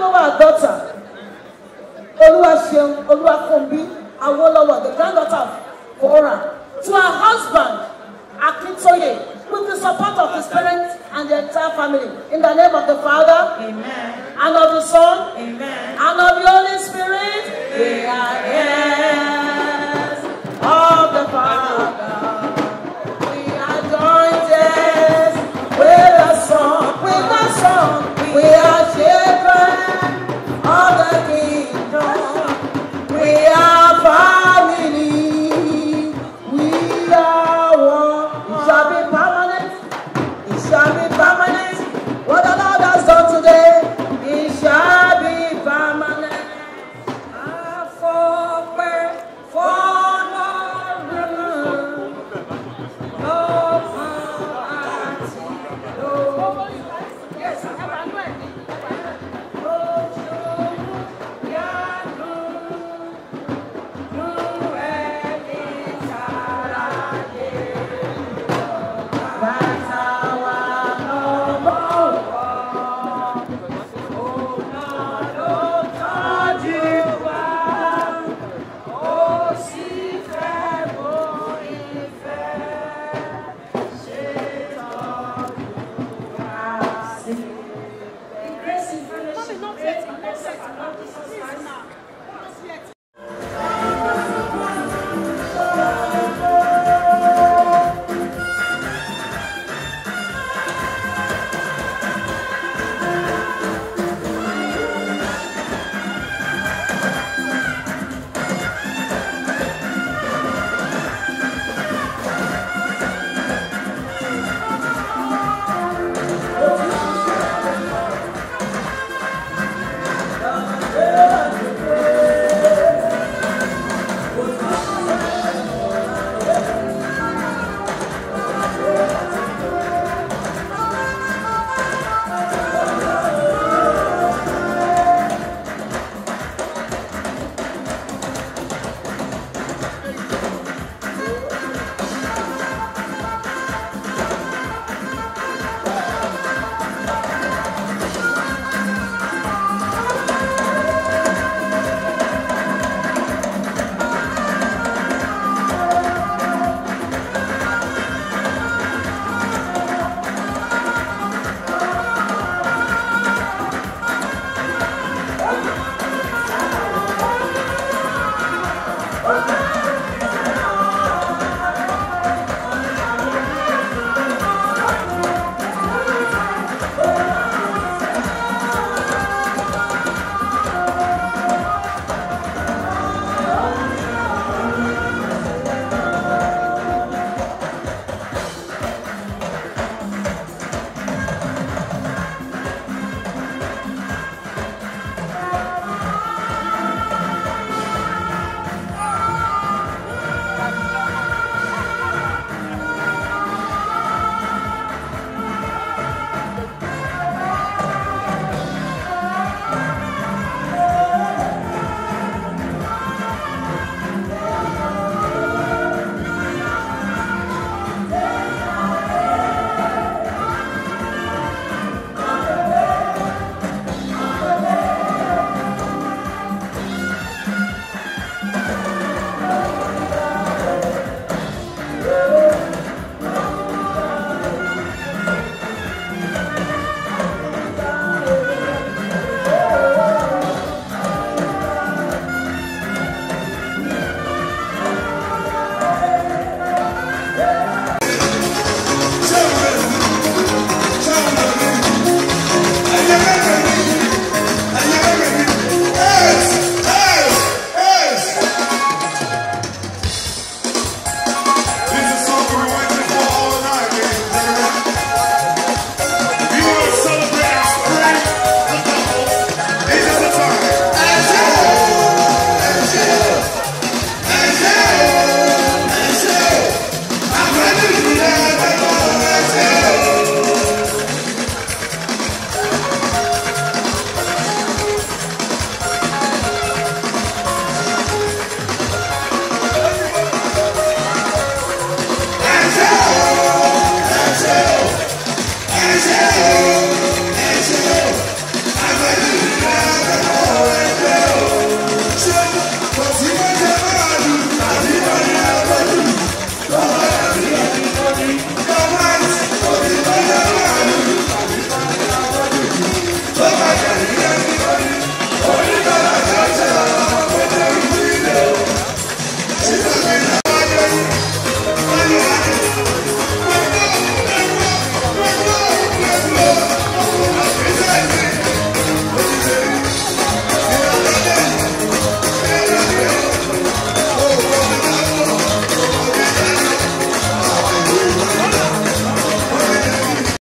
Awolowo daughter, Oluwaseun Oluwafunbi Awolowo, the granddaughter of Ora, to her husband, Akintoye, with the support of his parents and the entire family. In the name of the Father, Amen. and of the Son, Amen. and of the Holy Spirit, Amen.